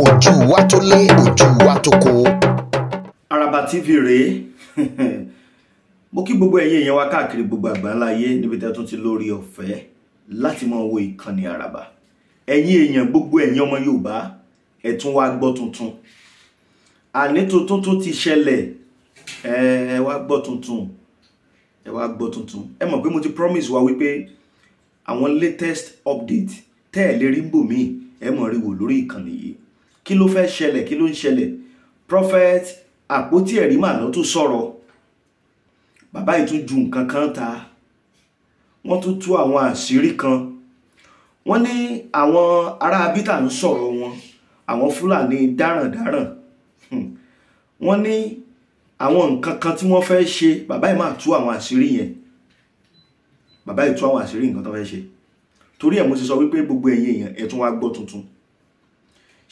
ojú wa tó lé ojú wa tó kó. Araba TV rèé mo kí gbogbo ẹ̀yin èèyàn wa káàkiri gbogbo àgbáńlá ayé níbi tẹ́ tún ti lórí ọ̀fẹ́ láti máa wo ìkànnì Araba ẹ̀yin èèyàn gbogbo ẹ̀yin ọmọ Yorùbá ẹ tún wá gbọ́ tuntun àní tuntun tó ti ṣẹlẹ̀ ẹ wá gbọ́ tuntun ẹ wá gbọ́ tuntun ẹ mọ̀ pé mo ti promise wa wípé àwọn latest update tẹ́ ẹ̀ lè rí bòmíì ẹ mọ̀ rí wò lórí ìkànnì yìí kí ló fẹ́ ṣẹlẹ̀ kí ló ń ṣẹlẹ̀ prophet àpótí ẹ̀rí mà ló tún sọ̀rọ̀ bàbá yìí tún ju nǹkan kan ta wọ́n tún tú àwọn àṣírí kan wọ́n ní àwọn ará abítà ń sọ̀rọ̀ wọn àwọn fúlàní dáràndáràn hmm. wọ́n ní àwọn nǹkan kan tí wọ́n fẹ́ ṣe bàbá yìí máa tú àwọn àṣírí yẹn bàbá yìí tú àwọn àṣírí nǹkan tó fẹ́ ṣe torí ẹ̀ mo ti sọ wípé gbogbo ẹ̀yin èèyàn ẹ̀ tún wá gbọ́ tuntun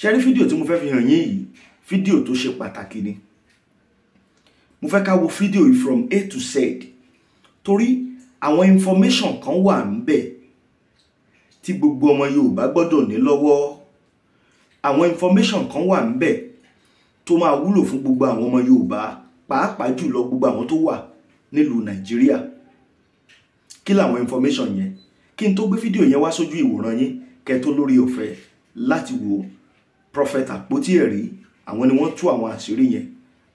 ṣe rí fídíò tí mo fẹ́ fi hàn yín yìí fídíò tó ṣe pàtàkì ni mo fẹ́ ká wo fídíò yìí from A to Z torí àwọn information kan wà níbẹ̀ tí gbogbo ọmọ Yorùbá gbọ́dọ̀ ní lọ́wọ́ àwọn information kan wà níbẹ̀ tó máa wúlò fún gbogbo àwọn ọmọ Yorùbá pàápàá jùlọ gbogbo àwọn tó wà nílùú Nàìjíríà kí làwọn information yẹn kí n tó gbé fídíò yẹn wá sójú ìwòran yín kẹ́ tó lórí ọ̀fẹ́ láti wò ó prophet àpótí ẹ̀rí àwọn ni wọ́n tú àwọn àṣírí yẹn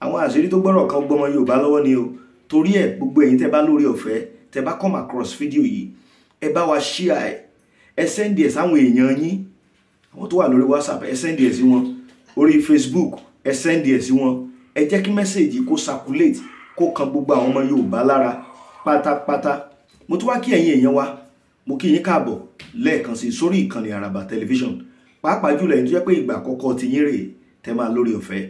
àwọn àṣírí tó gbọ́rọ̀ kan gbọ́mọ yorùbá lọ́wọ́ ni o torí ẹ̀ gbogbo ẹ̀yin tẹ́ bá lórí ọ̀fẹ́ tẹ́ bá come across fídíò yìí ẹ bá wa share ẹ ẹ send ẹ sáwọn èèyàn yín àwọn tó wà lórí whatsapp ẹ send ẹ sí wọn orí facebook ẹ send ẹ sí wọn ẹ jẹ́ kí mẹ́sẹ̀gì kó circulate kó kan gbogbo àwọn ọmọ yorùbá lára pátápátá mo tún wá kí ẹ̀yin èèyàn wa mo kí yín káàbọ̀ lẹ́ẹ̀kan sí sórí ìkànnì àràbà television? pàápàá jùlọ ẹni tó jẹ́ pé ìgbà àkọ́kọ́ ti yín rèé tẹ́ máa lórí ọ̀fẹ́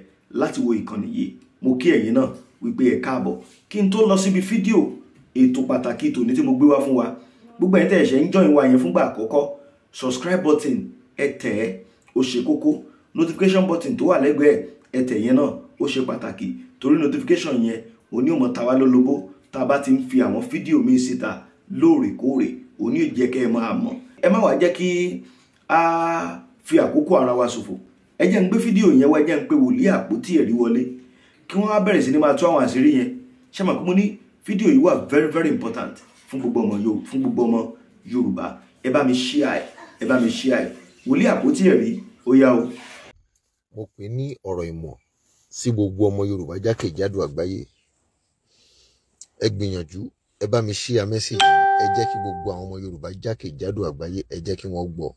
láti wo ìkànnì yìí mo kí ẹ̀yin náà wípé ẹ káàbọ̀ kí n tó lọ síbi fídíò ètò pàtàkì tòní tí mo gbé wá fún wa gbogbo ẹ̀yin tẹ́ ẹ ṣe ń join wa yẹn fúngbà àkọ́kọ́ subscribe button ẹ tẹ̀ ẹ́ ó ṣe kókó notification button tó wà lẹ́gbẹ̀ẹ́ ẹ tẹ̀ yẹn náà ó ṣe pàtàkì torí notification yẹn òní ò mọ̀ ta wá lólobó tá a bá ti ń fi àwọn fídíò míì síta lóòrèkóòrè òní ò jẹ́ kẹ́ ẹ máa mọ̀ ẹ má wàá jẹ́ kí a. Uh, fi àkókò ara wa ṣòfò ẹ jẹ́ ń gbé fídíò yẹn wá ẹ jẹ́ ń pé wòlíì àpótí ẹ̀rí wọlé kí wọ́n á bẹ̀rẹ̀ sí ni máa tú àwọn àṣírí yẹn ṣé màá mo ní fídíò yìí wà very very important fún gbogbo ọmọ yorùbá fún gbogbo ọmọ yorùbá ẹ bá mi ṣí àì ẹ bá mi ṣí àì wòlíì àpótí ẹ̀rí ó yá o. mo pè ní ọ̀rọ̀ ìmọ̀ sí gbogbo ọmọ yorùbá jákèjádò àgbáyé ẹ gbìyànjú ẹ bá mi ṣí a mẹ́sàgì ẹ jẹ́ kí gbogbo àwọn ọmọ yorùbá jákèjádò àgbáyé ẹ jẹ́ kí wọ́n gbọ́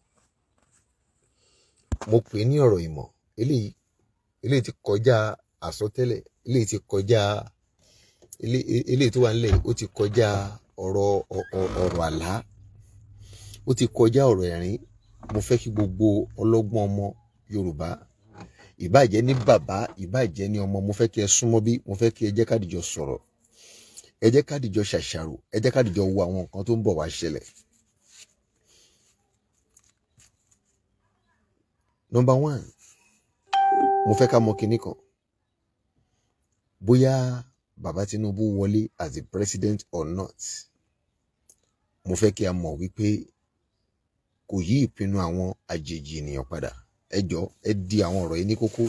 mo pè é ní ọ̀rọ̀ ìmọ̀ eléyìí eléyìí ti kọjá àsọtẹ́lẹ̀ eléyìí ti kọjá e, eléyìí tó wà nílẹ̀ ó ti kọjá ọ̀rọ̀ ọ̀rọ̀ àlá ó ti kọjá ọ̀rọ̀ ẹ̀rín mo fẹ́ kí gbogbo ọlọ́gbọ́n ọmọ Yorùbá ìbàjẹ́ ní bàbá ìbàjẹ́ ní ọmọ mo fẹ́ kí ẹ súnmọ́ bí mo fẹ́ kí ẹ jẹ́ kádìjọ sọ̀rọ̀ ẹ jẹ́ kádìjọ ṣàṣàrò ẹ jẹ́ kádìjọ wo àwọn nǹkan tó ń bọ̀ wá ṣẹlẹ̀ number one mo fẹ́ ká mọ kinní kan bóyá bàbá Tinubu wọlé as the president or not mo fẹ́ kí a mọ̀ wípé kò yí ìpinnu àwọn àjèjì ènìyàn padà ẹ jọ ẹ di àwọn ọ̀rọ̀ yìí ní kókó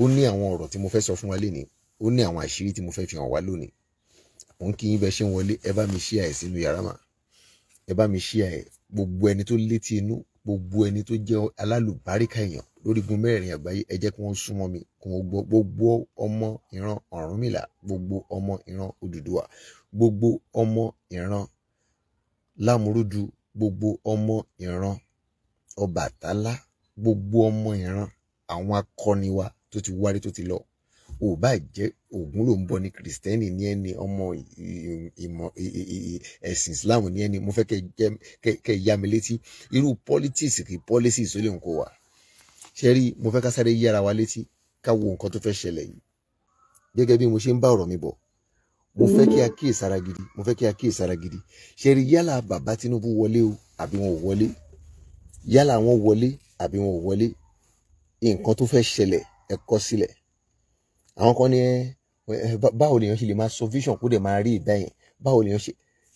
ó ní àwọn ọ̀rọ̀ tí mo fẹ́ sọ fún wa lénìí ó ní àwọn àṣírí tí mo fẹ́ fi hàn wá lónìí mo ń kí yín bẹ ṣe ń wọlé ẹ bá mi ṣí àì sínú yàrá mà ẹ bá mi ṣí àì gbogbo ẹni tó létí inú gbogbo ẹni tó jẹ́ alálùbáríkà èèyàn lórí gun mẹ́rẹ̀ẹ̀rin àgbáyé ẹ jẹ́ kí wọ́n súnmọ́ mi kí wọ́n gbọ́ gbogbo ọmọ ìran Ọ̀rúnmìlà gbogbo ọmọ ìran Odùduwà gbogbo ọmọ ìran Lámúrúdu gbogbo ọmọ ìran Ọbàtálá gbogbo ọmọ ìran àwọn akọni wa tó ti wárí tó ti lọ ò bá jẹ́ ògún ló ń bọ ní kìrìsìtẹ́nì ní ẹni ọmọ ìmọ̀ ẹ̀sìn islam ní ẹni mo fẹ́ kẹ́ yá mi létí irú politics kì policies ó lè ń kó wa ṣe rí mo fẹ́ ká sáré yára wa létí ká wo nǹkan tó fẹ́ ṣẹlẹ̀ yìí gẹ́gẹ́ bí mo ṣe ń bá ọ̀rọ̀ mi bọ̀ mo fẹ́ kí a kíyèsára gidi mo fẹ́ kí a kíyèsára gidi ṣe rí yálà bàbá Tinubu wọlé o àbí wọn ò wọlé yálà wọn wọlé àbí wọn ò wọlé nǹkan tó fẹ́ ṣẹlẹ̀ ẹ kọ sílẹ̀ àwọn kan ní ẹ báwo lèèyàn ṣe lè máa sọ vision kó dẹ̀ máa rí ìbẹ́ yẹn báwo lèèyàn ṣe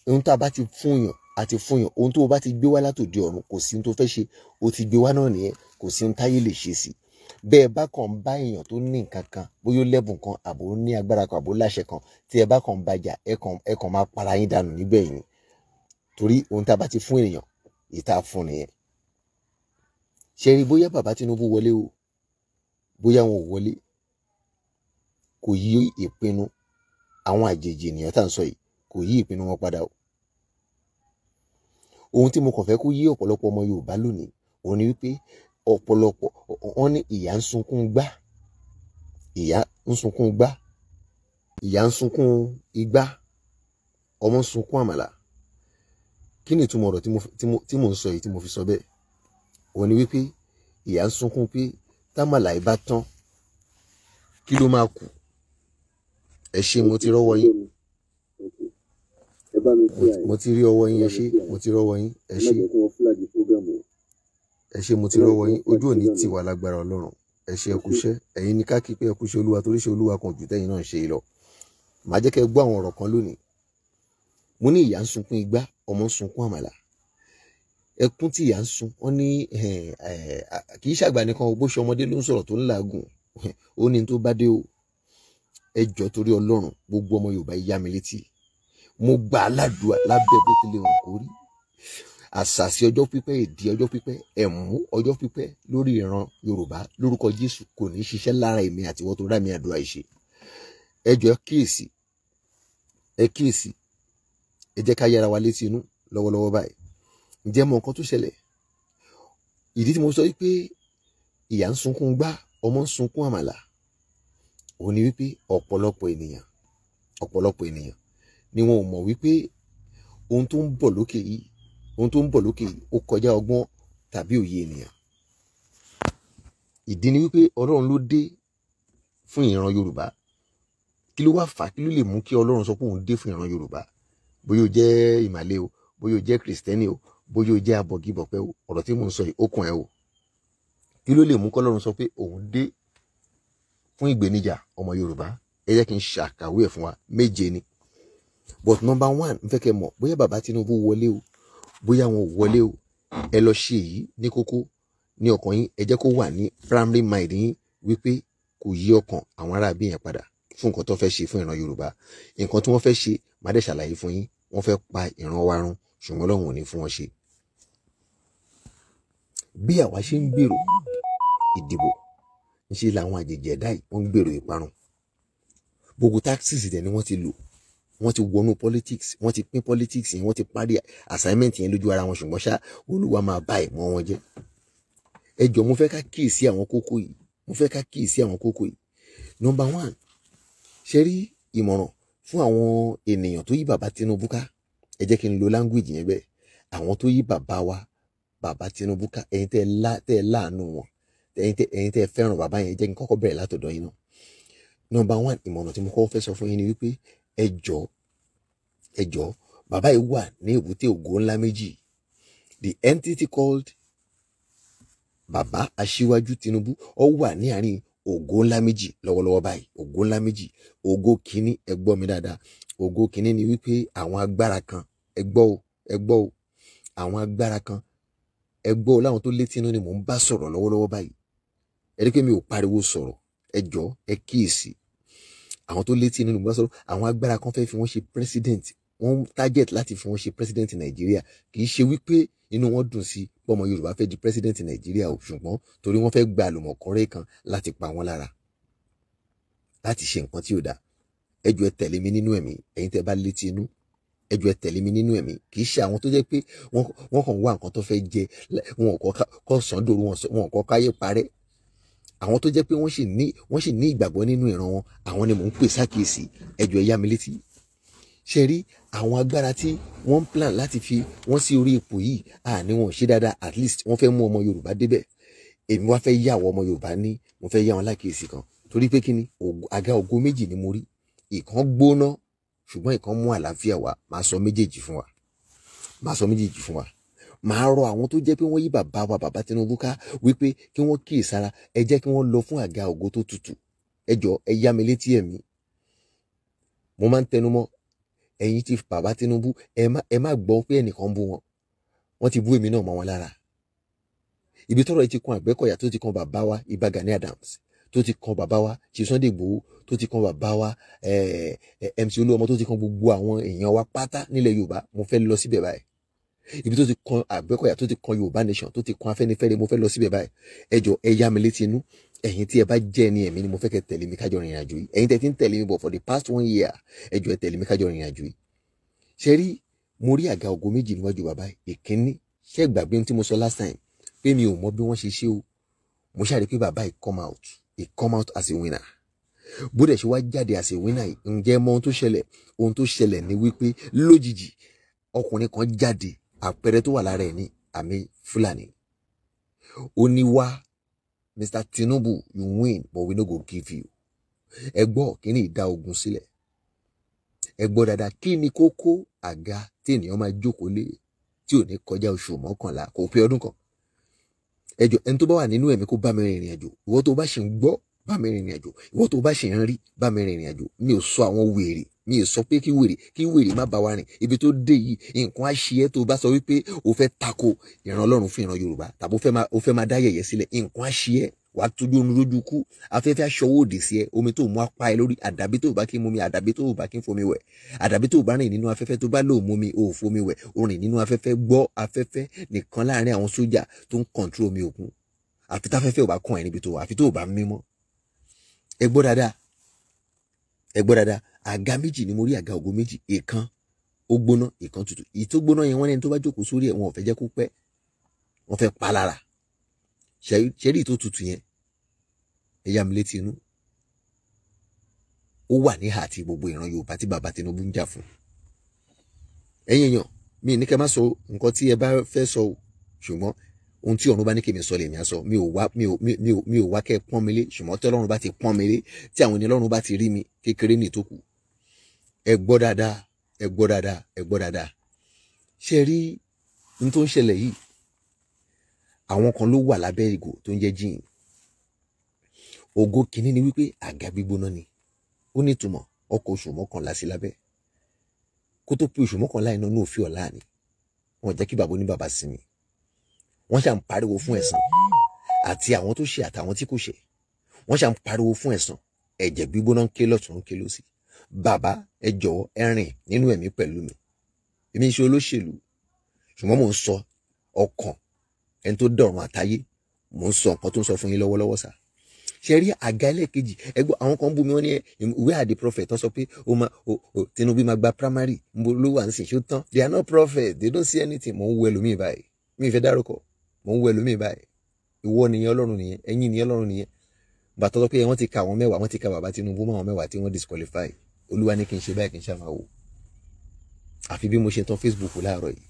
ohun tá a bá ti fún yàn àti fún yàn ohun tó o bá ti gbé wá látòdì ọ̀run kò sí ohun tó fẹ́ ṣe o ti gbé wá náà nìyẹn kò sí ohun táyé lè ṣe sí bẹ́ẹ̀ bá kàn bá èèyàn tó ní nǹkan kan bóyá ó lẹ́bùn kan àbò ní agbára kan àbò láṣẹ kan tí ẹ bá kàn bàjà ẹ kàn máa para yín dànù níbẹ̀ yìí torí ohun tá a bá ti fún èèyàn ìta fún nìyẹn ṣe rí bóyá bàbá Tinubu wọlé o bóyá wọn ò wọlé kò yí ìpinnu àwọn àjèjì ènìyàn tá à ń sọ yìí kò yí ìpinnu wọn padà o ohun tí mo kàn fẹ́ kó yí ọ̀pọ̀lọpọ̀ ọmọ Yorùbá lónìí òun ni wípé ọ̀pọ̀lọpọ̀ wọn ní ìyá ń sunkún gbá ìyá ń sunkún gbá ìyá ń sunkún igbá ọmọ ń sunkún àmàlà kí ni ìtumọ̀ ọ̀rọ̀ tí mo ń sọ yìí tí mo fi sọ bẹ́ẹ̀ òun ni wípé ìyá ń sunkún pé támàlà ìbá tán kí ló máa kù ẹ ṣé mo ti rọ́wọ́ yín mo ti rí ọwọ́ yín ẹ ṣé mo ti rọ́wọ́ yín ẹ ṣé ẹ ṣé mo ti rọ́wọ́ yín ojú òní ti wà lágbára Ọlọ́run ẹ ṣé ẹ kúṣẹ́ ni ká kí pé ẹ kúṣẹ́ Olúwa torí ṣe Olúwa kan jù tẹ̀yin náà ń ṣe lọ màá jẹ́ kẹ́ gbọ́ àwọn ọ̀rọ̀ kan lónìí mo ní ìyá ń sunkún igbá ọmọ ń sunkún àmàlà ẹkún tí ìyá ń sun wọn ní kì í ṣàgbà nìkan bó ṣe ọmọdé ló ń sọ̀rọ̀ tó ń làágùn ó ní tó bá dé o ẹ jọ torí Ọlọ́run gbogbo ọmọ Yorùbá yá mi létí mo gbà á ládùúgbà lábẹ́ bó tilẹ̀ hàn kó rí àṣàṣì ọjọ́ pípẹ́ èdè ọjọ́ pípẹ́ ẹ̀mú ọjọ́ pípẹ́ lórí ìran Yorùbá lórúkọ Jésù kò ní ṣiṣẹ́ lára èmi àti ìwọ tó rà mí àdúrà ìṣe ẹ jọ ẹ kíyèsí ẹ kíyèsí ẹ jẹ́ ká yára wa létí inú lọ́wọ́lọ́wọ́ báyìí ǹjẹ́ mọ nǹkan tó ṣẹlẹ̀ ìdí tí mo sọ wípé ìyá ń sunkún gbá ọmọ ń sunkún àmàlà òun ni wípé ọ̀pọ̀lọpọ̀ ènìyàn ọ̀pọ̀lọpọ̀ ènìyàn ni wọn ò mọ̀ wípé ohun tó ń bọ̀ lókè yìí ohun tó ń bọ̀ lókè yìí ó kọjá ọgbọ́n tàbí òye ènìyàn ìdí ni wípé ọlọ́run ló dé fún ìran yorùbá kí ló wá fà kí ló lè mú kí ọlọ́run sọ pé òun dé fún ìran yorùbá bóyá o jẹ́ ìmàle o bóyá o jẹ́ kìrìsìtẹ́nì o bóyá o jẹ́ abọ̀gibọ̀pẹ́ o ọ̀rọ̀ tí mò ń sọ yìí ó kàn ẹ́ o kí ló lè mú kọ́lọ́run sọ pé òun dé fún ìgbèníjà ọmọ Yorùbá ẹ jẹ́ kí n ṣàkàwé ẹ̀ fún wa méje ni but number one n fẹ́ kẹ́ mọ̀ bóyá bàbá Tinubu wọlé o bóyá wọn ò wọlé o ẹ lọ ṣe èyí ní kókó ní ọkàn yín ẹ jẹ́ kó wà ní primary mind yín wípé kò yí ọkàn àwọn ará bí yẹn padà fún nǹkan tó fẹ́ ṣe fún ìran Yorùbá nǹkan tí wọ́n fẹ́ ṣe má dẹ̀ ṣàlàyé fún yín wọ́n fẹ́ pa ìran wa run ṣùgbọ́n Ọlọ́run ò ní fún wọn ṣe bí àwa ṣe ń gbèrò ìdìbò ńṣe làwọn àjèjì ẹ̀dá yìí wọ́n ń gbèrò ìparun gbogbo taxes dẹ̀ ni wọ́n ti lò wọ́n ti wọnú politics wọ́n ti pín politics yẹn wọ́n ti parí assignment yẹn lójú ara wọn ṣùgbọ́n ṣá olúwa máa bá ìmọ̀ wọn jẹ́ ẹ jọ mo fẹ́ ká kíyèsí àwọn kókó yìí mo fẹ́ ká kíyèsí àwọn kókó yìí number one ṣe rí ìmọ̀ràn fún àwọn ènìyàn tó yí bàbá Tinubu ká ẹ jẹ́ kí n lo language yẹn bẹ́ẹ̀ àwọn tó yí bàbá wa bàbá Tinubu ká ẹ̀yin tẹ́ ẹ láàánú wọn ẹ̀yin tẹ́ fẹ́ràn bàbá yẹn jẹ́ kí n kọ́kọ́ bẹ̀rẹ̀ látọ̀dọ̀ yín náà nọ́mbà one ìmọ̀ràn tí mo kọ́ fẹ́ sọ fún yín ni wípé ẹ jọ̀ọ́ ẹ jọ̀ọ́ bàbá yìí wà ní èbúté ògo ńlá méjì the entity called bàbá aṣíwájú Tinubu ó wà ní àárín ògo ńlá méjì lọ́wọ́lọ́wọ́ báyìí ògo ńlá méjì ògo kínní ẹ gbọ́ mi dáadáa ògo kínní ni wípé àwọn agbára kan ẹ gbọ́ o ẹ gbọ́ o àwọn agbára kan ẹ gbọ́ o láwọn tó létí inú ni mò ń bá sọ̀rọ̀ lọ́wọ́lọ́wọ́ báyìí ẹ̀rí mi ò pariwo sọ̀rọ̀ ẹ jọ ẹ kíyèsí àwọn tó létí nínú bá sọ̀rọ̀ àwọn agbára kan fẹ́ fi wọ́n ṣe president wọ́n target láti fi wọ́n ṣe president nàìjíríà kì í ṣe wípé inú wọn dùn sí bọ́mọ yorùbá fẹ́ di president nàìjíríà o ṣùgbọ́n torí wọ́n fẹ́ gba àlùmọ̀kọ́rẹ́ kan láti pa wọ́n lára láti ṣe nǹkan tí ò dáa ẹ jọ̀ọ́ ẹ tẹ̀lé mi nínú ẹ̀mí ẹ̀yin tẹ́ bá létí inú ẹ jọ̀ọ́ ẹ tẹ̀lé mi nínú ẹ̀mí kì í ṣe àwọn tó jẹ́ pé wọ́n kàn wá nǹkan tó fẹ́ jẹ wọn kò sàn dòru wọn kò káyé parẹ́ àwọn tó jẹ́ pé wọ́n sì ní wọ́n sì ní ìgbàgbọ́ nínú ìran wọn àwọn ni mò ń pè sákìsì ẹjọ́ ẹ̀yà mi létí ṣe rí àwọn agbára tí wọ́n ń plan láti fi wọ́n sí orí ipò yìí àní wọn ò ṣe dáadáa at least wọ́n fẹ́ mú ọmọ Yorùbá débẹ̀ èmi wá fẹ́ yà wọ́n ọmọ Yorùbá ní mo fẹ́ yà wọn lákìsì kan torí pé kíni àga ògo méjì ni mo rí ìkan gbóná ṣùgbọ́n ìkan mú àlàáfíà wá màá sọ méjèèjì fún wa màá sọ méjèèjì fún wa màá rọ àwọn tó jẹ́ pé wọ́n yí bàbá wa bàbá Tinubu ká wípé kí wọ́n kíyèsára ẹ jẹ́ kí wọ́n lọ fún àga ògo tó tutù ẹ jọ ẹ yá mi létí ẹ̀mí mo máa ń tẹnumọ́ ẹ̀yin ti bàbá Tinubu ẹ má gbọ́ pé ẹnìkan bú wọn wọ́n ti bú èmi náà mọ́ wọn lára ibi tọ́rọ̀ yìí ti kan Àgbẹ̀kọ̀yà tó ti kan bàbá wa Ìbà Gani Adams tó ti kan bàbá wa ṣe Sunday Igboho tó ti kan bàbá wa eh, eh, MC Olúọmọ tó ti kan gbogbo àwọn èèyàn wa pátá nílẹ̀ Yorùbá mo fẹ́ lọ síbẹ̀ báyìí ibi tó ti kan àgbẹ̀kọ̀yà tó ti kan yorùbá nation tó ti kan afẹ́nifẹ́re mo fẹ́ lọ síbẹ̀ báyìí ẹ jọ ẹ yá mi létí inú ẹ̀yin tí ẹ bá jẹ́ ẹni ẹ̀mí ni mo fẹ́ kẹ́ tẹ̀lé mi kájọ rìnrìn àjò yìí ẹ̀yin tẹ́ ti ń tẹ̀lé mi bọ̀ for the past one year ẹ jọ ẹ tẹ̀lé mi kájọ rìnrìn àjò yìí ṣe rí mo rí àga ògo méjì níwájú bàbá ìkíní ṣé gbàgbé tí mo sọ last time pé mi ò mọ bí wọ́n ṣe ṣe o mo ṣàrí pé bàbá ì come out he come out as a winner bó dẹ̀ ṣe wá jáde as a winner ǹjẹ́ mọ ohun tó ṣẹlẹ̀ ohun tó ṣẹlẹ̀ ni wípé lójijì ọkùnrin kan jáde àpẹẹrẹ tó wà lára ẹ̀ ní àmì Fúlàní ó ní wá Mr Tinubu you win but we no go give you ẹ gbọ́ kí ni ìdá ogun sílẹ̀ ẹ gbọ́ dáadáa kí ni kókó àga tí ènìyàn máa jókòó lé tí ò ní kọjá oṣù mọ́kànlá kò pé ọdún kan ẹjọ ẹni tó bá wà nínú ẹ̀mí kó bá mi rìnrìn àjò ìwọ tó bá ṣe ń gbọ́ bá mi rìnrìn àjò ìwọ tó bá ṣe ń rí bá mi rìnrìn àjò mi ò sọ àwọn wèrè mi ì sọ pé kí wèrè kí wèrè má bá wa rìn ibi tó dé yìí nǹkan á ṣe ẹ́ tó bá sọ wípé o fẹ́ tako ìran ọlọ́run fún ìran yorùbá tàbí o fẹ́ máa dá yẹ̀yẹ́ sílẹ̀ nǹkan á ṣe ẹ́ wà á tójú omi lójú kú afẹ́fẹ́ aṣọwó òdì sí ẹ omi tó mú apá ẹ lórí àdàbí tó bá kí n momi àdàbí tó bá kí n fomi wẹ̀ àdàbí tó bá rìn nínú afẹ́fẹ́ tó bá lòun momi ò fomi wẹ̀ o rìn nínú afẹ́fẹ́ gbọ́ afẹ́fẹ́ nìkan láàrin àwọn sójà tó ń kọ̀ǹtúrò omi òkun àfi táfẹ́fẹ́ ò bá kàn ẹ́ níbi tó wà àfi tó bá mímọ́ ẹ gbọ́ dáadáa ẹ gbọ́ dáadáa àga méjì ni mo rí àga ògo méjì ìkan ó gbóná ìkan tutù èyí tó gbóná yẹn wọ́n ní ẹni tó bá jókòó sórí ẹ̀ wọn ò fẹ́ jẹ́ kó pẹ́ wọ́n fẹ́ pa lára ṣẹ́rí tó tutù yẹn ẹ yà mí létí inú ó wà ní ìhà àti gbogbo ìran Yorùbá tí bàbá Tinubu ń jà fún ẹ̀yin èèyàn mi ní kẹ́ má sọ nǹkan tí ẹ bá fẹ́ sọ ṣùgbọ́n ohun tí ọ̀run bá ní kèmí sọ lèmi á mi ò wá mi ò mi ò mi ò wá kẹ́ pọ́n mi lé ṣùgbọ́n tí ọlọ́run bá ti pọ́n mi lé tí àwọn ènìyàn ọlọ́run bá ti rí mi kékeré ní ẹ gbọ́ dáadáa ẹ gbọ́ dáadáa ẹ gbọ́ dáadáa ṣé ẹ rí n tó ń ṣẹlẹ̀ yìí àwọn kan ló wà lábẹ́ ìgò tó ń jẹ́ jíìn ògo kìíní ni wípé àga gbígbóná ni ó ní ìtumọ̀ ọkọ̀ oṣù mọ́kànlá sí lábẹ́ kó tó pé oṣù mọ́kànlá iná ní òfin ọ̀la ni wọn jẹ́ kí bàbá ní bàbá sí mi wọ́n ṣà ń pariwo fún ẹ̀san àti àwọn tó ṣe àtàwọn tí kò ṣe wọ́n ṣà pariwo fún ẹ̀san ẹ̀jẹ̀ gbígbóná ń ké lọ́tún ń ké lọ́sì bàbá ẹ jọ̀wọ́ ẹ rìn nínú ẹ̀mí pẹ̀lú mi èmi ṣe olóṣèlú ṣùgbọ́n mò ń sọ ọkàn ẹni tó dọ̀run àtayé mò ń sọ nǹkan tó ń sọ fún yín lọ́wọ́lọ́wọ́ sá ṣe rí àga ẹlẹ́ẹ̀kejì ẹgbọ́ àwọn kan bú mi wọ́n ní ìwé àdè prophet wọ́n sọ pé o ma o o Tinubu ma gba primary mo ló wà ń sìn ṣó tán they are not prophet they don't see anything mò ń wo ẹlòmíì báyìí mi ì fẹ́ dárúkọ mò ń wo ẹlòmíì báyìí ìwọ nìyẹn ọlọ́run nìyẹn ẹ̀yin nìyẹn ọlọ́run nìyẹn bàtọ́ sọ pé wọ́n ti ka àwọn mẹ́wàá wọ́n ti ka bàbá Tinubu mọ́ àwọn mẹ́wàá tí wọ́n disqualify olúwa ní kí n ṣe báyìí kí n ṣàmà wò àfi bí mo ṣe tan Facebook láàárọ̀ yìí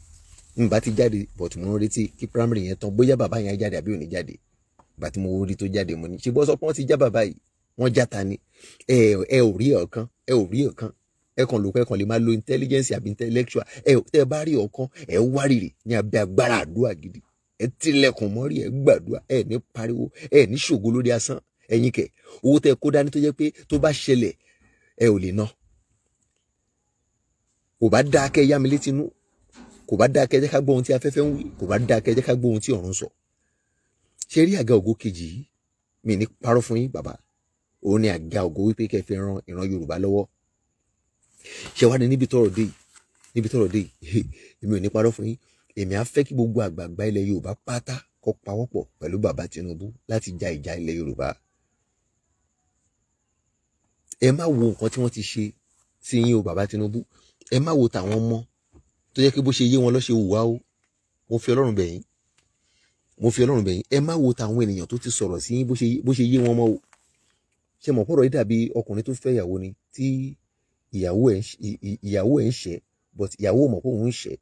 n bá ti jáde but mo ń retí kí primary yẹn tán bóyá bàbá yẹn jáde àbí ò ní jáde ìgbà tí mo rí tó jáde mo ní ṣe bọ́ sọ ti já bàbá yìí wọ́n já ta ni ẹ ẹ ò rí ọ̀kan ẹ ò rí ọ̀kan ẹ kàn lò ẹ kàn lè máa lo intelligence àbí intellectual ẹ tẹ bá rí ọ̀kan ẹ wárìrì ní abẹ́ agbára àdúrà gidi ẹ tilẹ̀kùn mọ́rí ẹ gbàdúrà ẹ ní pariwo ẹ ní ṣògo lórí asán ẹ̀yin kẹ̀ owó tẹ kó dání tó jẹ́ pé tó bá ṣẹlẹ̀ ẹ ò lè ná kò bá dáa kẹ́ yá mi létí inú kò bá dáa kẹ́ jẹ́ ká gbọ́ ohun tí afẹ́fẹ́ ń wí kò bá dáa kẹ́ jẹ́ ká gbọ́ ohun tí ọ̀run sọ ṣe rí àga ògo kejì yìí mi ní parọ́ fún yín bàbá òun ni àga ògo wípé kẹ́ fi ran ìran Yorùbá lọ́wọ́ ṣe wá ní níbi tọ́rọ̀ dé yìí níbi tọ́rọ̀ dé yìí èmi ò ní parọ́ fún yín èmi á fẹ́ kí gbogbo àgbààgbà ilẹ̀ Yorùbá pátá kó pawọ́pọ̀ pẹ̀lú bàbá Tinubu láti ja ìjà ilẹ̀ Yorùbá ẹ má wo nǹkan tí wọ́n ti ṣe sí yín o bàbá Tinubu ẹ má wo tàwọn ọmọ tó jẹ́ pé bó ṣe yé wọn ló ṣe hùwà o mo fi Ọlọ́run bẹ̀ yín mo fi Ọlọ́run bẹ̀ yín ẹ má wo tàwọn ènìyàn tó ti sọ̀rọ̀ sí yín bó ṣe yé wọn mọ́ o ṣe mọ̀ pọ̀rọ̀ yìí dàbí ọkùnrin tó fẹ́ ìyàwó ni tí ìyàwó ẹ̀ ń ṣẹ́ but ìyàwó mọ̀ pé òun ń ṣẹ́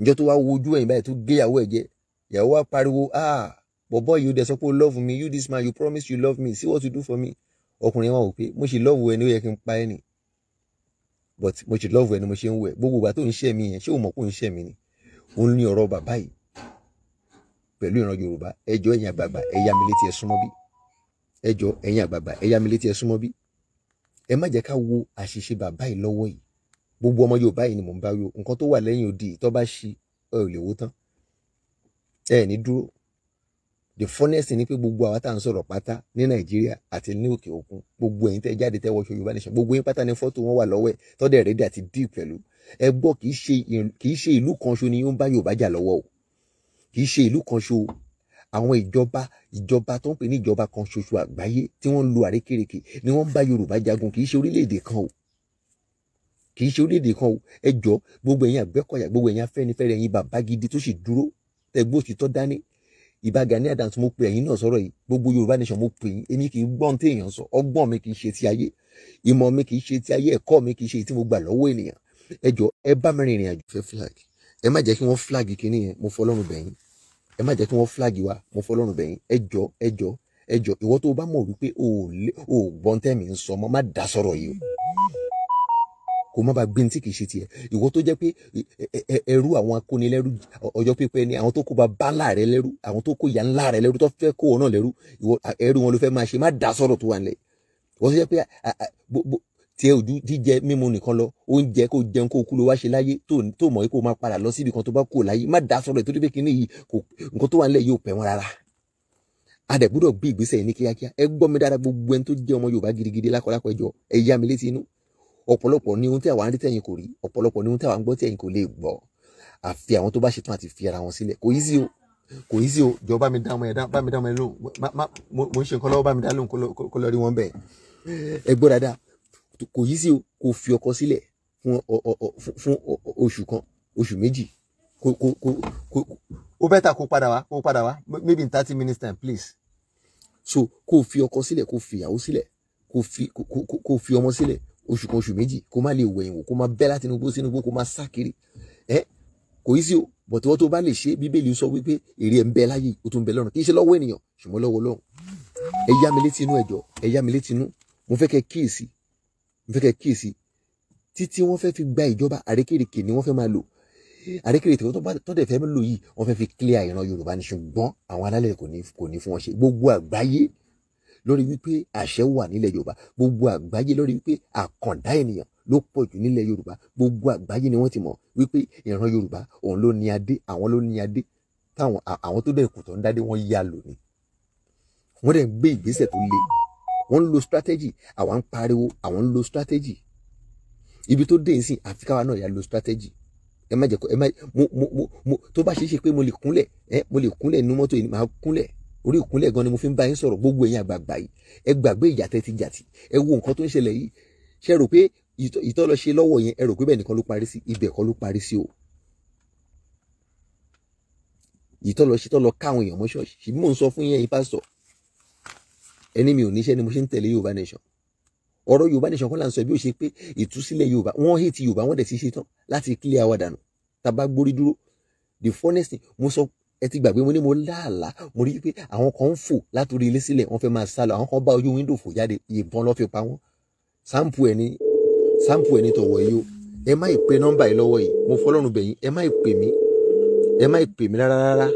ìjọ tó wá wojú ẹ̀yìn báyìí tó gé ìyàwó ẹ̀ jẹ ìyàwó wa pariwo ah bọ̀bọ́ yìí ó dẹ̀ sọ pé o love me you this man you promise you love me see what you do for me ọkùnrin wọn wò pé mo sì lọ́ọ̀wù ẹni ó yẹ kí n pa ẹni but mo sì lọ́ọ̀wù ẹni mo ṣe ń wẹ̀ gbogbo ìgbà tó ń ṣẹ́ mi yẹn ṣé o mọ̀ kó ń ṣẹ́ mi ni òun ní ọ̀rọ̀ bàbá yìí pẹ̀lú ìran Yorùbá ẹjọ́ ẹ̀yin àgbààgbà ẹ yá mi létí ẹ súnmọ́ bí ẹjọ́ ẹ̀yin àgbààgbà ẹ yá mi létí ẹ súnmọ́ bí ẹ má jẹ́ ká wo àṣìṣe bàbá yìí lọ́wọ́ yìí gbogbo ọmọ Yorùbá yìí ni mò ń bá yo nǹkan tó wà lẹ́yìn odi tó bá ṣí ẹ ò lè wó tán ẹ ní dúró the funnest ni pé gbogbo àwa tá à ń sọ̀rọ̀ pátá ní nàìjíríà àti ní òkè òkun gbogbo ẹ̀yin tẹ́ jáde tẹ́ wọṣọ yorùbá nation gbogbo yín pátá ni fọ́tò wọn wà lọ́wọ́ ẹ̀ tọ́dẹ̀ rẹ́dí àti díì pẹ̀lú ẹ gbọ́ kì í ṣe ìlú kan ṣo ni yóò bá yorùbá jà lọ́wọ́ o kì í ṣe ìlú kan ṣo àwọn ìjọba ìjọba tó ń pè ní ìjọba kan ṣoṣo àgbáyé tí wọ́n ń lo àrékèrèké ni wọ́n ń bá yorùbá jagun kì í ṣe orílẹ̀-èdè kan o kì í ṣe orílẹ̀-èdè kan o ẹ jọ gbogbo ẹ̀yin àgbẹ̀kọ̀yà gbogbo ẹ̀yin afẹ́nifẹ́re ẹ̀yin bàbá gidi tó sì dúró tẹ̀gbọ́n òtítọ́ dání ìbá Gani Adams mo pe ẹ̀yin náà sọ̀rọ̀ yìí gbogbo Yorùbá nation mo pe yín èmi kì í gbọ́n tí èèyàn sọ ọgbọ́n mi kì í ṣe ti ayé ìmọ̀ mi kì í ṣe ti ayé ẹ̀kọ́ mi kì í ṣe tí mo gbà lọ́wọ́ ènìyàn ẹ jọ ẹ bá mi rìnrìn àjò fẹ́ flag ẹ má jẹ́ kí wọ́n flag kíní yẹn mo fọlọ́run bẹ̀yìn ẹ má jẹ́ kí wọ́n flag wa mo fọlọ́run bẹ̀yìn ẹ jọ ẹ jọ ẹ jọ ìwọ tó bá mọ̀ wípé o ò gbọ́n tẹ́mi ń sọ ọmọ má dá sọ̀rọ̀ yìí kò má ba gbé ní tí kìí ṣe tiẹ̀ ìwọ tó jẹ́ pé ẹrú àwọn akónilẹ́rú ọjọ́ pípẹ́ ni àwọn tó kó bàbá ńlá rẹ lẹ́rú àwọn tó kó ìyá ńlá rẹ lẹ́rú tó fẹ́ kó wọn náà lẹ́rú ìwọ ẹrú wọn ló fẹ́ máa ṣe má dá sọ̀rọ̀ tó wà nílẹ̀ ìwọ tó jẹ́ pé tiẹ̀ ojú jíjẹ mímu nìkan lọ oúnjẹ kó jẹun kó kú ló wá ṣe láyé tó mọ̀ kó máa padà lọ síbi kan tó bá kú láyé má dá sọ̀rọ̀ torí pé kinní yìí nǹkan tó wà nílẹ̀ ọ̀pọ̀lọpọ̀ ní ohun tí àwa ń rí tẹ̀yin kò rí ọ̀pọ̀lọpọ̀ ní ohun tí àwa ń gbọ́ tẹ̀yin kò lè gbọ́ àfi àwọn tó bá ṣetán àti fi ara wọn sílẹ̀ kò yí sí o kò yí sí o jọ bá mi dá ọmọ yẹn bá mi dá ọmọ yẹn lóhùn mo ń ṣe nǹkan lọ́wọ́ bá mi dá lóhùn kó lọ rí wọn bẹ́ẹ̀ ẹ gbọ́ dáadáa kò yí sí o kò fi ọkọ sílẹ̀ fún oṣù kan oṣù méjì ó bẹ́tà kó padà wá kó padà wá oṣù kan oṣù méjì kó má lè wẹ̀yìn wò kó má bẹ́ láti inúgbó sínú igbó kó má sá kiri ẹ kò yí sí o bọ̀tí wọ́n tó bá lè ṣe bíbélì sọ wípé èrè ẹ̀ ń bẹ láyé o tún bẹ lọ́run kì í ṣe lọ́wọ́ ènìyàn ṣùgbọ́n lọ́wọ́ Ọlọ́run ẹ yá mi létí inú ẹ̀jọ̀ ẹ yá mi létí inú mo fẹ́ kẹ́ kíyèsí mo fẹ́ kẹ́ kíyèsí títí wọ́n fẹ́ fi gba ìjọba àrékèrèkè ni wọ́n fẹ́ máa lò àrékèrèkè tó dẹ̀ fẹ́ lò yìí wọ́n fẹ́ fi clear ìran Yorùbá ni ṣùgbọ́n àwọn alálẹ̀ kò ní fún wọn ṣe gbogbo àgbáyé lórí wípé àṣẹ wà nílẹ̀ yorùbá gbogbo àgbáyé lórí wípé àkàndá ènìyàn ló pọ̀ jù nílẹ̀ yorùbá gbogbo àgbáyé ni wọ́n ti mọ̀ wípé ìran yorùbá òun ló ní adé àwọn ló ní adé táwọn àwọn tó dẹ̀ kù tó ń dádé wọ́n yá lò ní. wọ́n dẹ̀ ń gbé ìgbésẹ̀ tó le wọ́n ń lo strategy àwọn ń pariwo àwọn ń lo strategy ibi tó dé nsìn àfi káwa náà yà lo strategy ẹ má jẹ́ kó ẹ má mo mo mo tó bá ṣeé ṣe pé mo lè kúnlẹ̀ ẹ mo lè kúnlẹ̀ nínú mọ́tò yìí máa kúnlẹ̀ orí ìkúnlẹ̀ gan ni mo fi ń bá yín sọ̀rọ̀ gbogbo ẹ̀yin àgbààgbà yìí ẹ gbàgbé ìjà tẹ́ ti jà tì ẹ wo nǹkan tó ń ṣẹlẹ̀ yìí ṣe rò pé ìtọ́ lọ ṣe lọ́wọ́ yẹn ẹ rò pé bẹ́ẹ̀ nìkan ló parí sí ibẹ̀ kan ló parí sí o ìtọ́ lọ ṣe tọ́ lọ káwọn èèyàn mọ́ ṣọ́ọ̀ṣì ṣì mò ń sọ fún yẹn pásítọ̀ ẹni mi ò níṣẹ́ ni mo ṣe ń tẹ̀lé Yorùbá Nation ọ̀rọ̀ Yorùbá Nation kọ́ là ń sọ bí ó ṣe pé ìtúsílẹ̀ Yorùbá wọ́n hate Yorùbá wọ́n dẹ̀ ti ṣe tán láti clear wa tá a bá gbórí dúró the funnest thing mo sọ ẹ ti gbàgbé mo ní mo láàlá mo rí pé àwọn kan ń fò látòrí ilé sílẹ̀ wọ́n fẹ́ máa sá lọ àwọn kan bá ojú wíńdò fò jáde ìbọn lọ́ fi pa wọ́n sáǹpù ẹ̀ ní sáǹpù ẹ̀ ní tọ̀wọ̀ yìí o ẹ má ìpè nọ́mbà yìí lọ́wọ́ yìí mo fọlọ́run bẹ̀yìn ẹ má ìpè mí ẹ má ìpè mí rárá rárá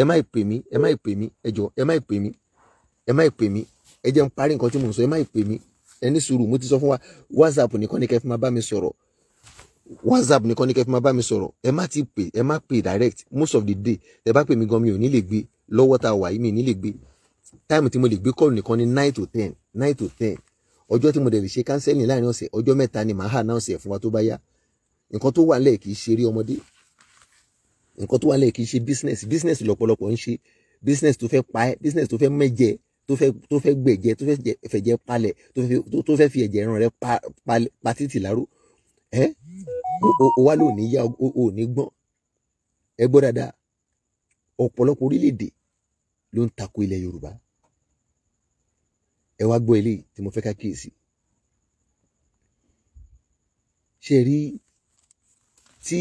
ẹ má ìpè mí ẹ má ìpè mí ẹ jọ ẹ má ìpè mí ẹ má ìpè mí ẹ jẹ́ n parí nǹkan tí mo sọ ẹ má ìpè mí ẹ ní sùúrù mo ti sọ fún wa WhatsApp nìkan ni kẹ́ fi máa bá mi sọ̀rọ̀ 0244 whatsapp nìkan ní kẹ́ fi máa bá mi sọ̀rọ̀ ẹ má ti pè ẹ má pè direct most of the day ẹ bá pè mí gan mi ò ní lè gbé lọ́wọ́ tá a wà yìí mi ò ní lè gbé táìmù tí mo lè gbé kọ́ọ̀lù nìkan ní nine to ten nine to ten ọjọ́ tí mo dẹ̀ lè ṣe counseling láàrin ọ̀sẹ̀ ọjọ́ mẹ́ta ni màá hà náà ọ̀sẹ̀ fún wa tó bá yá nǹkan tó wà nílẹ̀ kì í ṣe eré ọmọdé nǹkan tó wà nílẹ̀ í ṣe business business lọ́pọ̀lọpọ̀ ń ṣe business tó fẹ́ pa ẹ́ business tó fẹ́ mẹ́jẹ tó fẹ́ tó fẹ́ gbẹ̀jẹ tó fẹ́ fẹ̀jẹ palẹ̀ tó fẹ́ fi ẹ̀jẹ̀ ràn rẹ pa títì láró ẹ o wa ló ní yá o ní gbọ́n ẹ gbọ́ dáadáa ọ̀pọ̀lọpọ̀ orílẹ̀-èdè ló ń tako ilẹ̀ Yorùbá ẹ wá gbọ́ eléyìí tí mo fẹ́ ká kíyèsí ṣe rí tí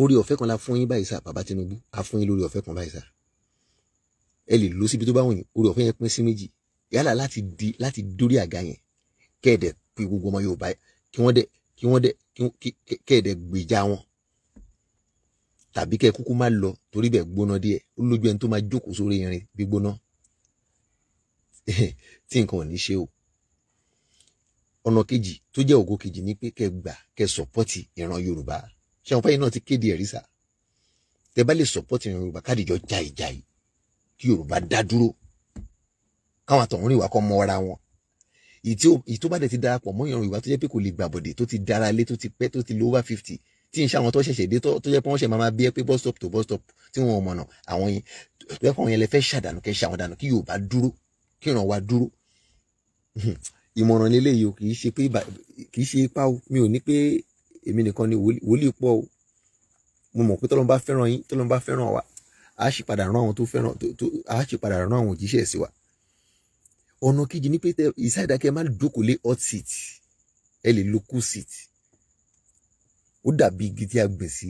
orí ọ̀fẹ́ kan la fún yín báyìí sá bàbá Tinubu a fún yín lórí ọ̀fẹ́ kan báyìí sá ẹ lè lọ síbi tó bá wù yín orí ọ̀fẹ́ yẹn pín sí méjì yálà láti di dórí àga yẹn kẹ́ẹ̀dẹ̀ pé gbogbo ọmọ Yorùbá kí wọ́n dẹ̀ kí wọ́n dẹ̀ kẹ́ ẹ̀ dẹ̀ gbèjà wọn tàbí kẹ́ ẹ kúkú má lọ torí bẹ́ẹ̀ gbóná díẹ̀ ó lójú ẹni tó máa jókòó sórí irin gbígbóná tí nǹkan ò ní ṣe o ọ̀nà kejì tó jẹ́ ògo kejì ni pé kẹ́ ẹ gbà kẹ́ ẹ sọ̀pọ́tì ìran Yorùbá ṣé àwọn fáyín náà ti kéde ẹ̀rí sà tẹ́ bá lè sọ̀pọ́tì ìran Yorùbá kádìjọ jàìjàì kí Yorùbá dá dúró káwọn àtọ̀hún rìn wá kọ́ mọ́ ara wọn èyí tó bá dẹ̀ ti darapọ̀ mọ́ ìran Yorùbá tó jẹ́ pé kò lè gbàbọ̀dè tó ti dára lé tó ti pẹ́ tó ti lo over fifty tí n ṣe àwọn tó ṣẹ̀ṣẹ̀ dé tó jẹ́ pé wọ́n ṣe máa bí ẹ pé bus stop to bus stop tí wọ́n mọ̀nà àwọn yẹn tó yẹ kó yẹn lè fẹ́ ṣàdánù kẹ́ ṣe àwọn dànù kí Yorùbá dúró kí ìran wa dúró ìmọ̀ràn lélẹ́yìí o kì í ṣe pé kì í ṣe ipá o mi ò ní pé èmi nìkan ni wòlíì pọ̀ o mo mọ̀ pé tọ́lọ́n bá fẹ́ràn yín tọ́lọ́n bá fẹ́ràn wa a ṣì padà rán àwọn tó fẹ́ràn a ṣì padà rán àwọn òjíṣẹ́ sí wa ọ̀nà kejì ní pé ìsáìdá kẹ́ ẹ má jókòó lé hot seat ẹ lè lo cool seat ó dàbí igi tí a gbìn sí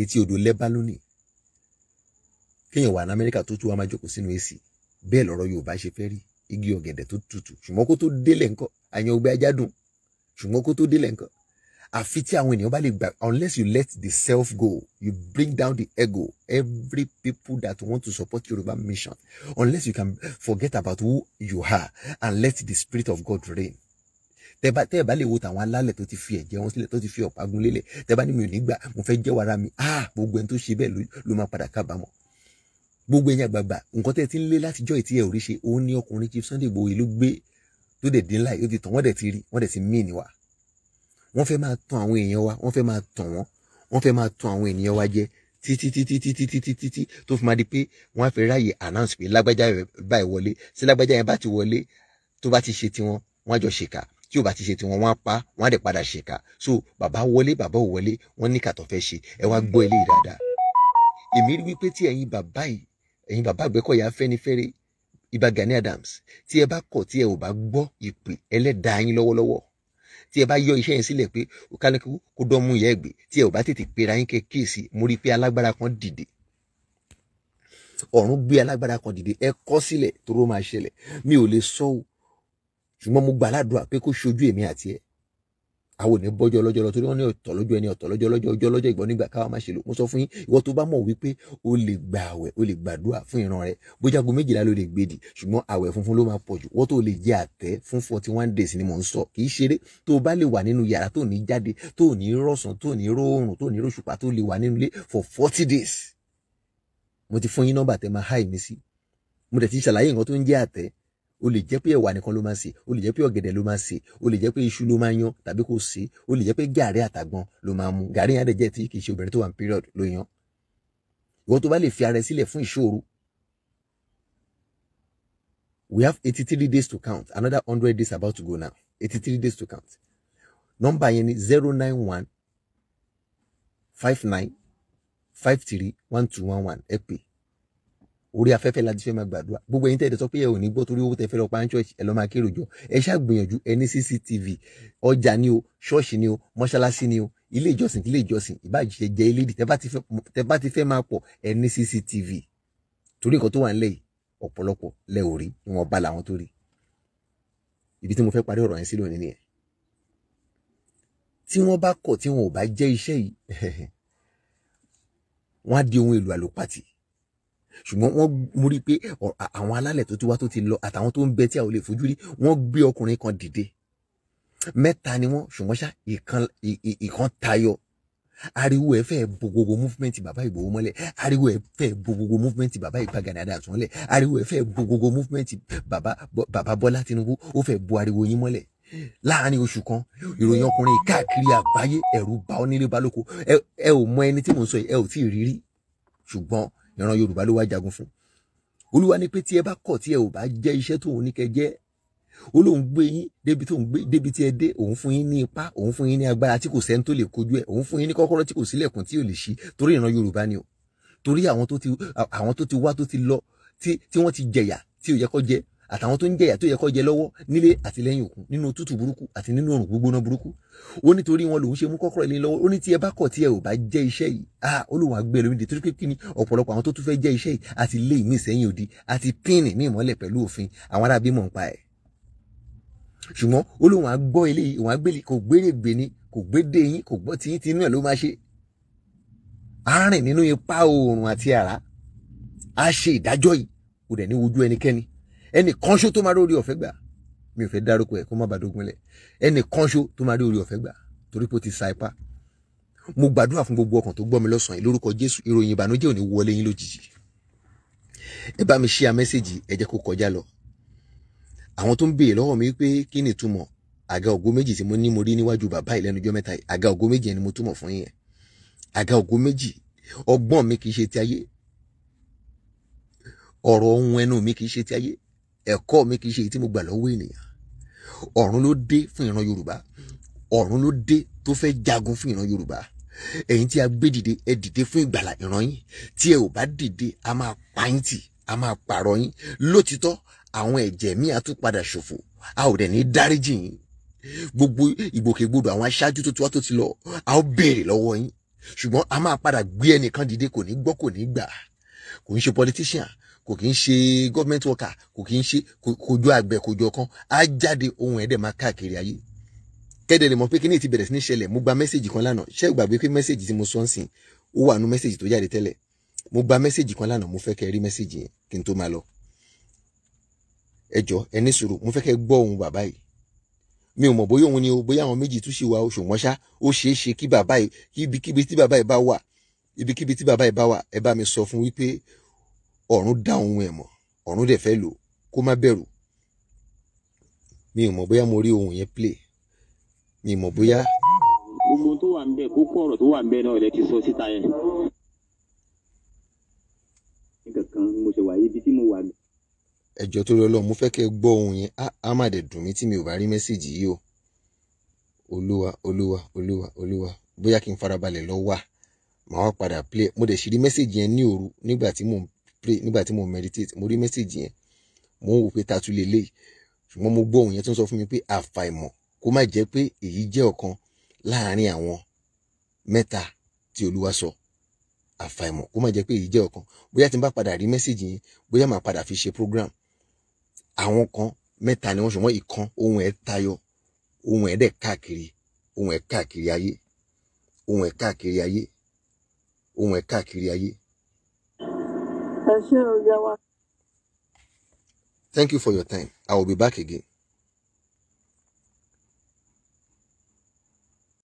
etí odò lẹ́bá lónìí kéèyàn wà ní amẹ́ríkà tó tú wa máa jókòó sínú èsì bẹ́ẹ̀ lọ́rọ̀ yorùbá ṣe fẹ́ rí igi ọ̀gẹ̀dẹ̀ tó tutù ṣùgbọ́n kó tó délẹ̀ ńkọ́ àyàn ògbé ajá dùn ṣùgbọ́n kó tó délẹ̀ ńkọ́ àfi tí àwọn ènìyàn bá lè gbà unless you let the self go you bring down the ego every people that want to support Yoruba mission unless you can forget about who you are and let the spirit of God reign tẹ́ẹ̀bá tẹ́ẹ̀bá lè wo tàwọn alálẹ̀ tó ti fi ẹ̀jẹ̀ wọn sílẹ̀ tó ti fi ọ̀pá gun lélẹ̀ tẹ́ẹ̀bá ní mi ò ní gbà mo fẹ́ jẹ́wọ́ ara mi ah gbogbo ẹni tó ṣe bẹ́ẹ̀ ló máa padà kábàámọ̀ gbogbo ẹ̀yin àgbààgbà nǹkan tẹ́ ẹ ti ń lé látijọ́ ìtí ẹ̀ ò rí ṣe òun ní ọkùnrin Chief Sunday Igboho ló gbé tó dẹ̀ dín láì ó ti tàn wọ́n dẹ̀ ti rí wọ́n dẹ̀ ti mí ìníwá wọ́n fẹ́ máa tan àwọn èèyàn wa wọ́n fẹ́ máa tàn wọ́n wọ́n fẹ́ máa tan àwọn ènìyàn wa jẹ títí títí títí títí títí tó fi máa di pé wọ́n á fi ráàyè announce pé lágbájá báyìí wọlé sí lágbájá yẹn bá ti wọlé tó bá ti ṣe tiwọn wọ́n á jọ ṣèkà tí ò bá ti ṣe tiwọn wọ́n á pa wọ́n á dẹ̀ padà ṣèkà so bàbá wọlé bàbá ò wọlé wọ́n ní kàtọ́ fẹ́ ṣe ẹ wá gbọ́ eléyìí dáadáa èmi rí wípé tí ẹ̀yin bàbá yìí ẹ̀yin bàbá Àgbẹ̀kọ̀yà Afẹ́nifẹ́re Ìbà Gani Adams tí ẹ bá kọ̀ tí ẹ ò bá gbọ́ ìpè ẹlẹ́dàá yín lọ́wọ́lọ́wọ́ tí ẹ bá yọ iṣẹ́ yẹn sílẹ̀ pé kálukú kó dánmú yẹ gbé tí ẹ ò bá tètè pera yín kẹ kíyèsí mo rí i pé alágbára kan dìde ọ̀run gbé alágbára kan dìde ẹ kọ sílẹ̀ tó ló máa ṣẹlẹ̀ mi ò lè sọ ṣùgbọ́n mo gbàládùá pé kó ṣojú èmi àti ẹ àwọn ènìyàn bọ́jọ́ lọ́jọ́ lọ torí wọ́n ní ọ̀tọ̀ lọ́jọ́ ẹni ọ̀tọ̀ lọ́jọ́ lọ́jọ́ ọjọ́ lọ́jọ́ ìgbọ́n nígbà káwa máa ṣe lò mo sọ fún yín ìwọ tó bá mọ̀ wípé o lè gba àwẹ̀ o lè gbàdúrà fún ìran rẹ bójá go méjìlá ló lè gbèdì ṣùgbọ́n àwẹ̀ funfun ló máa pọ̀ jù wọ́n tó lè jẹ àtẹ́ fún forty one days ni mò ń sọ kì í ṣeré tó o bá lè wà nínú yàrá tó ní jáde tó ní rọ̀sán tó ní róòrùn tó ní róṣùpá tó lè wà nínú ilé for forty days mo ti fún yín nọ́mbà tẹ máa háì mi sí mo dẹ̀ ti ṣàlàyé nǹkan tó ń jẹ́ àtẹ́ o lè jẹ́ pé ẹ̀wà nìkan ló máa sè o lè jẹ́ pé ọ̀gẹ̀dẹ̀ ló máa sè o lè jẹ́ pé iṣu ló máa yan tàbí kò sè o lè jẹ́ pé gàrí àtàgbọn ló máa mu gàrí yẹn á dẹ̀ jẹ́ tí kì í ṣe obìnrin tó wà ní period ló yan ìwọ tó bá lè fi ara ẹ sílẹ̀ fún ìṣòro we have eighty three days to count another hundred days about to go now eighty three days to count Number yẹn ni zero nine one five nine five three one two one one ẹ pè orí afẹ́fẹ́ láti fẹ́ máa gbàdúrà gbogbo ẹ̀yin tẹ̀dẹ̀ sọ pé ẹ ò ní gbọ́ torí owó tẹ fẹ́ lọ pa ní church ẹ lọ máa kérò jọ ẹ ṣáà gbìyànjú ẹ ní cctv ọjà ni o ṣọ́ọ̀ṣì ni o mọ́ṣáláṣí ni o ilé ìjọsìn ilé ìjọsìn ìbájẹ jẹ ilé ìdí tẹ bá ti fẹ́ máa pọ̀ ẹ ní cctv torí nǹkan tó wà nílẹ̀ yìí ọ̀pọ̀lọpọ̀ lẹ ò rí ìwọ̀n ba làwọn tó rí ibi tí mo fẹ́ parí ọ̀rọ̀ yẹn sí lónìí nìyẹn tí wọ́n bá kọ̀ tí wọn ò bá jẹ́ iṣẹ́ yìí wọ́n á di ohun èlò àlòpàtì ṣùgbọ́n wọ́n mú rí pé àwọn alálẹ̀ tó ti wá tó ti lọ àtàwọn tó ń bẹ tí a ò lè fojú rí wọ́n gbé ọkùnrin kan dìde mẹ́ta ni wọ́n ṣùgbọ́n ṣá ìkan tayọ ariwo ẹ fẹ́ bo gbogbo movement bàbá Ìgbòho mọ́lẹ̀ ariwo ẹ fẹ́ bo gbogbo movement bàbá Ìbà Gani Adams mọ́lẹ̀ ariwo ẹ fẹ́ bo gbogbo movement bàbá bàbá Bọ́lá Tinubu ó fẹ́ bo ariwo yín mọ́lẹ̀ láàárín oṣù kan ìròyìn ọkùnrin káàkiri àgbáyé ẹ̀rù bà onílé balóko ẹ ò mọ ẹni tí mò ń sọ yìí ẹ ò tí ì rírí ṣùgbọ́n ìran yorùbá ló wá jagun fún olúwa ní pé tí ẹ bá kọ̀ tí ẹ ò bá jẹ́ iṣẹ́ tóun ní kẹ́ jẹ́ ó lóun gbé yín débi tóun gbé débi tí ẹ dé òun fún yín ní ipá òun fún yín ní agbára tí kò sẹ́ni tó lè kojú ẹ̀ òun fún yín ní kọ́kọ́rọ́ tí kò sílẹ̀kùn tí ò lè ṣí torí ìran yorùbá ni o torí àwọn tó ti wá tó ti lọ tí wọ́n ti jẹ̀yà tí ò yẹ kó jẹ àtàwọn tó ń jẹyà tó yẹ kó jẹ lọ́wọ́ nílé àti lẹ́yìn òkun nínú tútù burúkú àti nínú òrùn gbígbóná burúkú ó nítorí wọn lòun ṣe mú kọ́kọ́rọ́ ilé lọ́wọ́ ó ní tí ẹ bá kọ̀ tí ẹ ò bá jẹ́ iṣẹ́ yìí ah olùwà gbé e lómi dé torí pé kí ni ọ̀pọ̀lọpọ̀ àwọn tó tún fẹ́ jẹ́ iṣẹ́ yìí àti lé ìmí sẹ́yìn òdi àti pínì ní ìmọ́lẹ̀ pẹ̀lú òfin àwọn arábí mọ̀ ń pa ṣùgbọ́n olùwà gbọ́ ilé yìí òun ni kò gbé dé yín kò gbọ́ ẹnì kanṣó tó máa rí orí ọ̀fẹ́ gbà mi ò fẹ́ dárúkọ ẹ̀ kó má bàa dógun lẹ̀ ẹnì kanṣó tó máa rí orí ọ̀fẹ́ gbà torí pé ó ti sa ipá mo gbàdúrà fún gbogbo ọkàn tó gbọ́ mi lọ́sàn-án lórúkọ Jésù ìròyìn ìbànújẹ́ ò wọlé yín lójijì ẹ bá mi share message ẹ jẹ́ kó kọjá lọ àwọn tó ń béèrè lọ́wọ́ mi pé kí ni ìtumọ̀ àga ògo méjì tí mo ní mo rí níwájú bàbá ìlẹ́nujọ́ mẹ́ta àga ògo méjì ni mo túmọ̀ fún yín àga ògo méjì ọgbọ́n mi kì í ṣe ti ayé ọ̀rọ̀ ohun ẹnu mi kì í ṣe ti ayé ẹ̀kọ́ mi kì í ṣe èyí tí mo gbà lọ́wọ́ ènìyàn ọ̀run ló dé fún ìran Yorùbá ọ̀run ló dé tó fẹ́ jagun fún ìran Yorùbá ẹ̀yin tí a gbé dìde ẹ dìde fún ìgbàlà ìran yín tí ẹ ò bá dìde a máa pa yín tì a máa pààrọ̀ yín lótìtọ́ àwọn ẹ̀jẹ̀ mi á tún padà ṣòfò a ò dẹ̀ ní dáríjì yín gbogbo ìgbòkègbodò àwọn aṣáájú tó ti tó ti lọ a ó béèrè lọ́wọ́ yín ṣùgbọ́n a máa padà gbé ẹnìkan dìde kò ní gbọ́ kò ní gbà kò ń ṣe politician kò kí ń ṣe government worker kò kí ń ṣe kò jọ àgbẹ̀ kò jọ kan á jáde ohun ẹ̀dẹ̀ máa káàkiri ayé kẹ́dẹ̀ lè mọ̀ pé kíní ti bẹ̀rẹ̀ sí ní ṣẹlẹ̀ mo gba mẹ́sẹ̀gì kan lánàá ṣé gbàgbé pé mẹ́sẹ̀gì tí mo sọ ń sìn ó wà nú mẹ́sẹ̀gì tó jáde tẹ́lẹ̀ mo gba mẹ́sẹ̀gì kan lánàá mo fẹ́ kẹ́ rí mẹ́sẹ̀gì yẹn kí n tó máa lọ ẹ jọ̀ọ́ ẹ ní sùúrù mo fẹ́ kẹ́ gbọ́ ohun bàbá yìí mi ò mọ̀ bóyá òun ni o bóyá àwọn méjì tún ṣì wà o ṣùgbọ́n ó ṣeé ṣe kí bàbá yìí ibikíbi tí bàbá yìí bá wà ibikíbi tí bàbá yìí bá wà ẹ bá mi sọ fún wípé ọ̀run dá ohun ẹ̀ mọ̀ ọ̀run dẹ̀ fẹ́ lò kó má bẹ̀rù mi ò mọ̀ bóyá mo rí ohun yẹn play mi ò mọ̀ bóyá. gbogbo tó wà ń bẹ kókó ọ̀rọ̀ tó wà ń bẹ náà lè ti sọ síta yẹn. kankan mo ṣe wà ibi tí mo wà. ẹjọ tó lọ lọ mo fẹ́ kẹ́ gbọ́ ohun yẹn á má dẹ̀ dùn mí tí mi ò bá rí mẹ́síjì yìí o olúwa olúwa olúwa olúwa bóyá kí n farabalẹ̀ lọ wà màá padà play mo dẹ̀ ṣì rí mẹ́síjì yẹn ní òru nígbà tí mò ń pray nígbà tí mo meditate mo rí mẹ́sàgì yẹn mo ń wò pé ta tún lè ṣùgbọ́n mo gbọ́ ohun yẹn tó ń sọ fún mi pé àfàìmọ̀ kó má jẹ́ pé èyí jẹ́ ọ̀kan láàárín àwọn mẹ́ta tí olúwa sọ àfàìmọ̀ kó má jẹ́ pé èyí jẹ́ ọ̀kan bóyá tí n bá padà rí mẹ́sàgì yẹn bóyá màá padà fi ṣe program àwọn kan mẹ́ta ni wọ́n ṣùgbọ́n ìkan ohun ẹ̀ tayọ ohun ẹ̀ dẹ̀ káàkiri ohun ẹ̀ káàkiri ayé ohun ẹ̀ káàkiri ayé ohun ẹ̀ káàkiri ayé Thank you for your time. I will be back again.